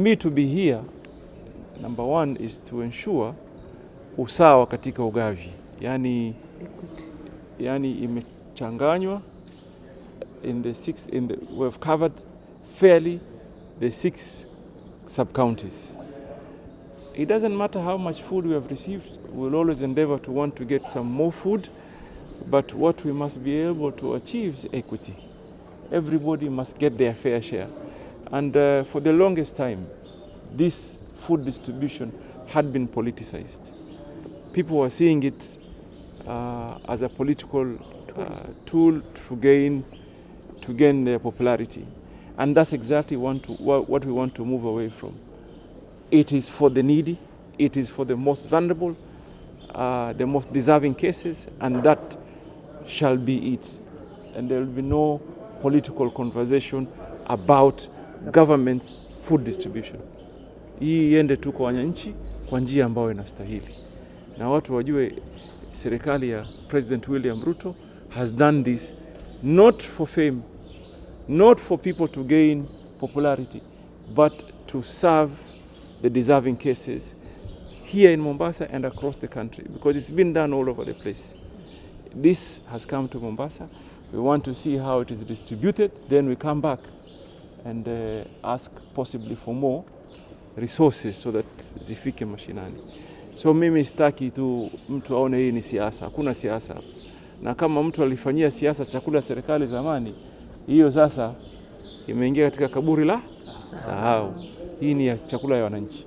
Me to be here number one is to ensure usawa katika ugavi, yani, yani imechanganywa in the six, in the, we have covered fairly the six sub counties. It doesn't matter how much food we have received, we will always endeavor to want to get some more food, but what we must be able to achieve is equity. everybody must get their fair share. And uh, for the longest time, this food distribution had been politicized. People were seeing it uh, as a political uh, tool to gain, to gain their popularity. And that's exactly want to, what we want to move away from. It is for the needy, it is for the most vulnerable, uh, the most deserving cases, and that shall be it. And there will be no political conversation about government's food distribution. Hii iende tu kwa wananchi kwa njia ambayo inastahili, na watu wajue serikali ya President William Ruto has done this not for fame, not for people to gain popularity but to serve the deserving cases here in Mombasa and across the country because it's been done all over the place. This has come to Mombasa. We want to see how it is distributed. Then we come back and uh, ask possibly for more resources so that zifike mashinani. So mimi sitaki tu mtu aone hii ni siasa. Hakuna siasa na kama mtu alifanyia siasa chakula serikali zamani, hiyo sasa imeingia katika kaburi la sahau. Hii ni ya chakula ya wananchi.